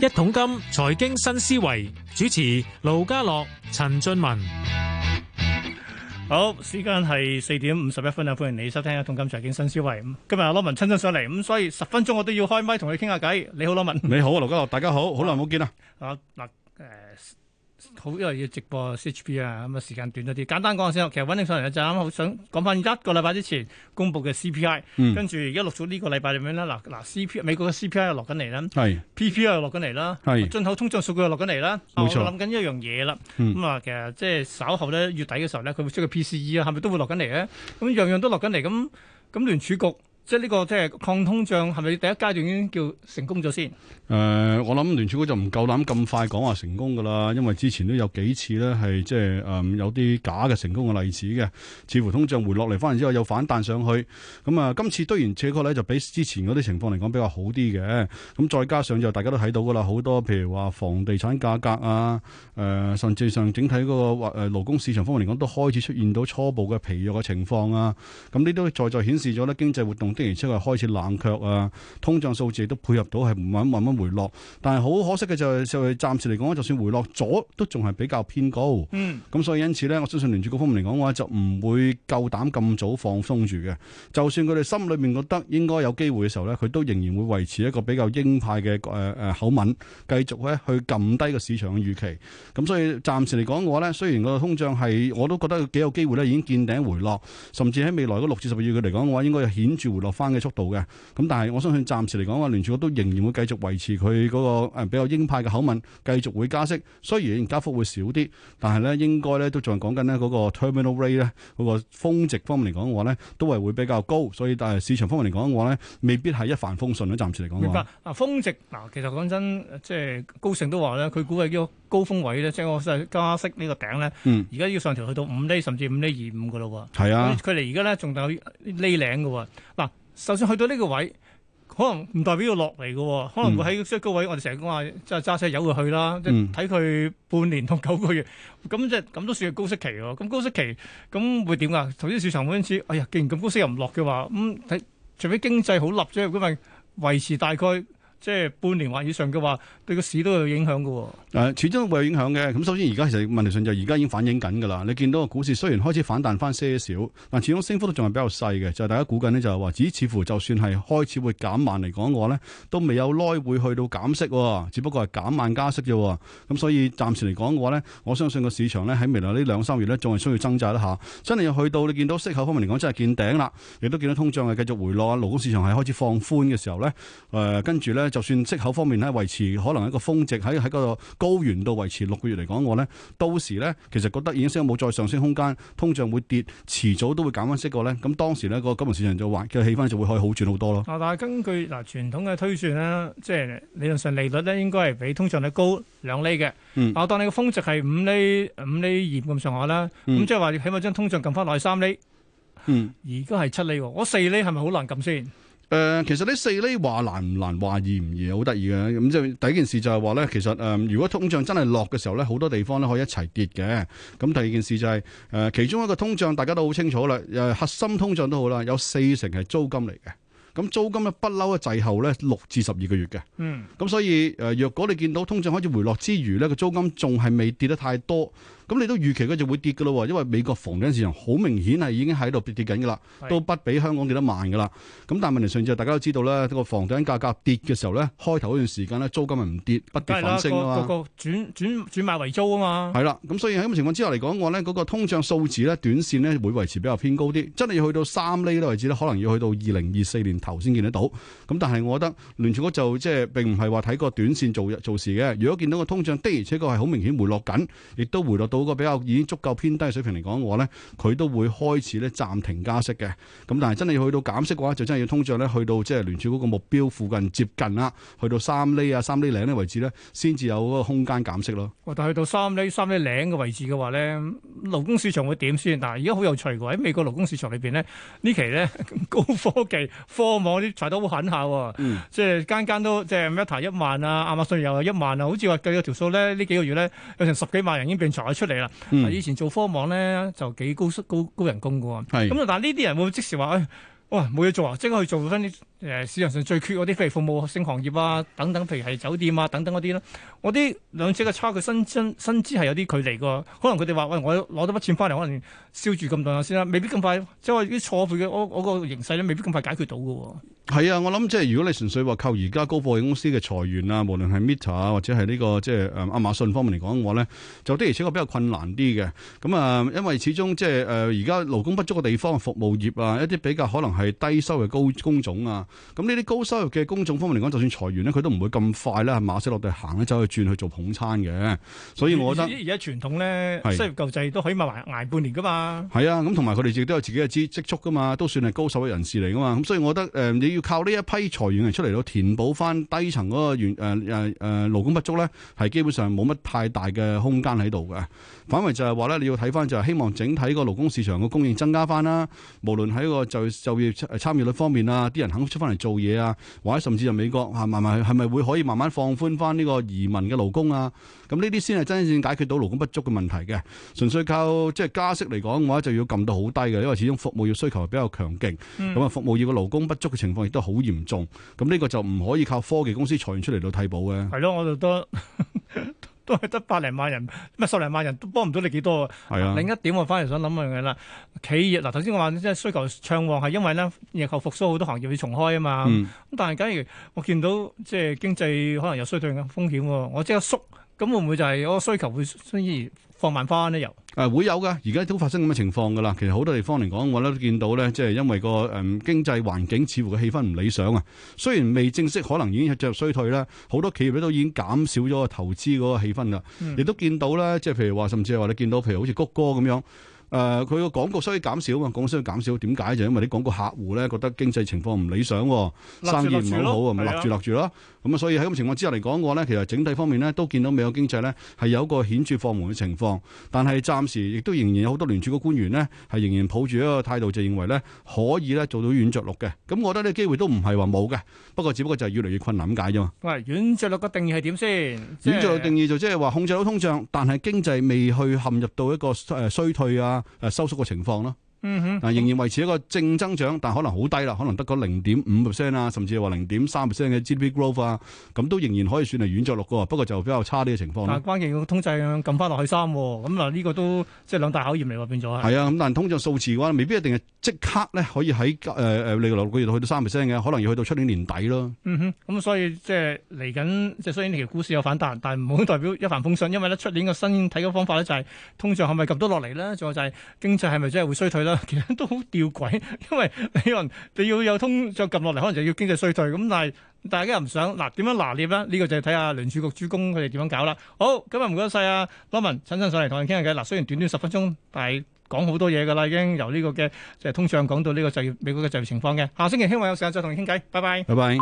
一桶金財經新思維，主持盧家樂、陳俊文，好，時間係四點五十一分啊！歡迎你收聽一桶金財經新思維。今日阿羅文親身上嚟，咁所以十分鐘我都要開麥同你傾下偈。你好，羅文。你好啊，盧嘉樂，大家好，好耐冇見啦。啊，嗱、啊，誒、呃。好，因為要直播 C H P 啊，咁啊時間短咗啲，簡單講先。其實穩定上嚟就啱，好想講翻一個禮拜之前公布嘅 C P I，跟住而家錄咗呢個禮拜點樣咧？嗱嗱 C P 美國嘅 C P I 又落緊嚟啦，P P I 又落緊嚟啦，進口通脹數據又落緊嚟啦。我諗緊一樣嘢啦，咁啊其實即係稍後咧月底嘅時候咧，佢會出個 P C E 啊，係咪都會落緊嚟咧？咁樣樣都落緊嚟，咁咁聯儲局。即呢個即係抗通脹係咪第一階段已經叫成功咗先？誒、呃，我諗聯儲局就唔夠膽咁快講話成功㗎啦，因為之前都有幾次咧係即係誒有啲假嘅成功嘅例子嘅，似乎通脹回落嚟翻嚟之後又反彈上去，咁、嗯、啊今次雖然這個咧就比之前嗰啲情況嚟講比較好啲嘅，咁、嗯、再加上就大家都睇到㗎啦，好多譬如話房地產價格啊，誒、呃、甚至上整體嗰個誒勞工市場方面嚟講都開始出現到初步嘅疲弱嘅情況啊，咁呢都再再顯示咗咧經濟活動。的而且確開始冷卻啊，通脹數字都配合到係慢慢慢回落，但係好可惜嘅就係、係、就係、係、暫時嚟講就算回落咗，都仲係比較偏高。嗯，咁所以因此咧，我相信聯儲局方面嚟講嘅話，就唔會夠膽咁早放鬆住嘅。就算佢哋心裏面覺得應該有機會嘅時候咧，佢都仍然會維持一個比較鷹派嘅誒誒口吻，繼續咧去撳低個市場嘅預期。咁所以暫時嚟講嘅話咧，雖然個通脹係我都覺得有幾有機會咧已經見頂回落，甚至喺未來嗰六至十二月佢嚟講嘅話，應該係顯著回。落翻嘅速度嘅，咁但係我相信暫時嚟講嘅話，聯儲局都仍然會繼續維持佢嗰個誒比較鷹派嘅口吻，繼續會加息。雖然加幅會少啲，但係咧應該咧都仲係講緊咧嗰個 terminal rate 咧嗰個峰值方面嚟講嘅話咧，都係會比較高。所以但係市場方面嚟講嘅話咧，未必係一帆風順咯。暫時嚟講嘅話，嗱峰值嗱，其實講真，即係高盛都話咧，佢估計叫。高峰位咧，即係我加息呢個頂咧，而、嗯、家要上調去到五厘甚至五厘二五噶咯。係啊，佢哋而家咧仲有呢嶺噶。嗱、啊，就算去到呢個位，可能唔代表要落嚟噶，可能會喺最高位。嗯、我哋成日講話即係揸車由佢去啦，即睇佢半年同九個月，咁即係咁都算係高息期咯。咁高息期咁會點啊？頭先市場嗰陣時，哎呀，既然咁高息又唔落嘅話，咁睇除非經濟好立咗，咁咪維持大概。即係半年或以上嘅話，對個市都有影響嘅。誒，始終都會有影響嘅。咁首先而家其實問題上就而家已經反映緊㗎啦。你見到個股市雖然開始反彈翻些少，但始終升幅都仲係比較細嘅。就係大家估計呢，就係話，只似乎就算係開始會減慢嚟講嘅話咧，都未有耐會去到減息，只不過係減慢加息啫。咁所以暫時嚟講嘅話咧，我相信個市場咧喺未來呢兩三月咧，仲係需要掙扎一下。真係去到你見到息口方面嚟講真係見頂啦，亦都見到通脹係繼續回落啊，勞工市場係開始放寬嘅時候咧，誒跟住咧。就算息口方面咧維持可能喺個峰值，喺喺嗰個高原度維持六個月嚟講嘅話，我咧到時咧其實覺得已經先冇再上升空間，通脹會跌，遲早都會減翻息過咧。咁當時咧個金融市場就壞嘅氣氛就會可以好轉好多咯、啊。但係根據嗱傳統嘅推算咧，即係理論上利率咧應該係比通脹率高兩厘嘅。但、嗯、啊，當你個峰值係五厘五厘二咁上下啦。咁、嗯、即係話起碼將通脹撳翻落去三厘。嗯。而家係七厘喎，我四厘係咪好難撳先？誒、呃，其實呢四呢，話難唔難，話易唔易，好得意嘅。咁即係第一件事就係話咧，其實誒、呃，如果通脹真係落嘅時候咧，好多地方咧可以一齊跌嘅。咁、嗯、第二件事就係、是、誒、呃，其中一個通脹大家都好清楚啦，誒、呃，核心通脹都好啦，有四成係租金嚟嘅。咁租金咧不嬲嘅滯後咧六至十二個月嘅。嗯。咁、嗯嗯、所以誒，若、呃、果你見到通脹開始回落之餘咧，個租金仲係未跌得太多。咁你都預期佢就會跌嘅咯喎，因為美國房地產市場好明顯係已經喺度跌跌緊嘅啦，都不比香港跌得慢嘅啦。咁但係問題上就大家都知道咧，個房地產價格跌嘅時候咧，開頭嗰段時間咧，租金係唔跌，不跌反升啊嘛。嗰個個，個轉轉轉賣為租啊嘛。係啦，咁所以喺咁嘅情況之下嚟講，我咧嗰個通脹數字咧，短線咧會維持比較偏高啲。真係要去到三釐嘅位置咧，可能要去到二零二四年頭先見得到。咁但係我覺得聯儲局就即係並唔係話睇個短線做做事嘅。如果見到個通脹的而且確係好明顯回落緊，亦都回落到個比較已經足夠偏低水平嚟講嘅話咧，佢都會開始咧暫停加息嘅。咁但係真係要去到減息嘅話，就真係要通脹咧去到即係聯儲局個目標附近接近啦，去到三厘啊三厘零呢位置咧，先至有嗰個空間減息咯。但去到三厘三厘零嘅位置嘅話咧，勞工市場會點先？但嗱，而家好有趣喎，喺美國勞工市場裏邊咧，期呢期咧高科技科網啲裁都好狠下、哦，嗯，即係間間都即係 Meta 一萬啊，亞馬遜又係一萬啊，好似話計咗條數咧，呢幾個月咧有成十幾萬人已經被裁咗出出嚟啦！以前做科網咧就幾高高高人工噶。係咁，但係呢啲人會即時話：，誒、哎，哇，冇嘢做啊！即刻去做翻啲誒市場上最缺嗰啲，譬如服務性行業啊，等等，譬如係酒店啊，等等嗰啲咧。我啲兩者嘅差距，薪薪薪資係有啲距離噶。可能佢哋話：，喂、哎，我攞到筆錢翻嚟，可能燒住咁耐先啦。未必咁快，即係話啲錯配嘅我我個形勢咧，未必咁快解決到噶。係啊，我諗即係如果你純粹話靠而家高科技公司嘅裁員啊，無論係 Meta 啊或者係呢、這個即係誒亞馬遜方面嚟講嘅話咧，就的而且確比較困難啲嘅。咁、嗯、啊，因為始終即係誒而家勞工不足嘅地方服務業啊，一啲比較可能係低收入高工種啊。咁呢啲高收入嘅工種方面嚟講，就算裁員咧，佢都唔會咁快啦，馬死落地行咧走去轉去做捧餐嘅。所以我覺得而家傳統咧、啊、失業救濟都起碼埋捱半年噶嘛。係啊，咁同埋佢哋亦都有自己嘅資積蓄噶嘛，都算係高收入人士嚟噶嘛。咁、嗯、所以我覺得誒、嗯要靠呢一批裁員嚟，出嚟到填補翻低層嗰個員誒誒誒勞工不足咧，係基本上冇乜太大嘅空間喺度嘅。反為就係話咧，你要睇翻就係希望整體個勞工市場嘅供應增加翻啦。無論喺個就就業參與率方面啊，啲人肯出翻嚟做嘢啊，或者甚至係美國，嚇，慢慢係咪會可以慢慢放寬翻呢個移民嘅勞工啊？咁呢啲先係真正解決到勞工不足嘅問題嘅。純粹靠即係加息嚟講嘅話就要撳到好低嘅，因為始終服務業需求係比較強勁，咁、嗯、啊，服務業嘅勞工不足嘅情況。亦都好嚴重，咁呢個就唔可以靠科技公司裁員出嚟到替補嘅。係咯，我就都呵呵都係得百零萬人，咩十零萬人都幫唔到你幾多啊？係啊。另一點，我反而想諗一樣嘢啦。企業嗱，頭先我話即係需求暢旺係因為咧日後復甦，好多行業要重開啊嘛。咁、嗯、但係假如我見到即係經濟可能有衰退嘅風險、啊，我即刻縮。咁會唔會就係嗰個需求會反而放慢翻咧？又、啊、誒會有噶，而家都發生咁嘅情況噶啦。其實好多地方嚟講，我咧都見到咧，即、就、係、是、因為、個誒、嗯、經濟環境似乎個氣氛唔理想啊。雖然未正式，可能已經係進入衰退啦。好多企業咧都已經減少咗投資嗰個氣氛啦。亦、嗯、都見到咧，即係譬如話，甚至係話你見到譬如好似谷歌咁樣。誒、呃，佢個廣告需要減少啊嘛，廣告需要減少，點解就是、因為啲廣告客戶咧覺得經濟情況唔理想，立著立著生意唔好啊，咪立住、就是、立住咯。咁啊，所以喺咁嘅情況之下嚟講嘅話咧，其實整體方面咧都見到美國經濟咧係有一個顯著放緩嘅情況，但係暫時亦都仍然有好多聯儲嘅官員咧係仍然抱住一個態度，就認為咧可以咧做到軟着陸嘅。咁我覺得呢個機會都唔係話冇嘅，不過只不過就係越嚟越困難解啫嘛。喂，軟着陸嘅定義係點先？軟着陸定義就即係話控制到通脹，但係經濟未去陷入到一個誒衰退啊。誒收縮個情況咯。嗯哼，嗱仍然維持一個正增長，但可能好低啦，可能得個零點五 percent 啊，甚至係話零點三 percent 嘅 GDP growth 啊，咁都仍然可以算係軟著陸嘅，不過就比較差啲嘅情況。但係關鍵要通脹撳翻落去三、哦，咁嗱呢個都即係、就是、兩大考驗嚟喎，變咗係。係啊，咁但係通脹數字嘅話，未必一定係即刻咧可以喺誒誒嚟個六個月度去到三 percent 嘅，可能要去到出年年底咯。嗯咁、嗯、所以即係嚟緊，即係雖然你期股市有反彈，但係唔好代表一帆風順，因為咧出年嘅新睇嘅方法咧就係通脹係咪撳得落嚟咧？仲有就係經濟係咪真係會衰退咧？其實都好吊詭，因為有人你要有通脹撳落嚟，可能就要經濟衰退咁。但係大家又唔想，嗱、啊、點樣拿捏咧？呢、呢個就係睇下聯儲局諸公佢哋點樣搞啦。好，今日唔該晒啊，羅文陳生上嚟同你傾下偈。嗱，雖然短短十分鐘，但係講好多嘢㗎啦。已經由呢個嘅就係通脹講到呢個就業美國嘅就業情況嘅。下星期希望有時間再同你傾偈。拜拜。拜拜。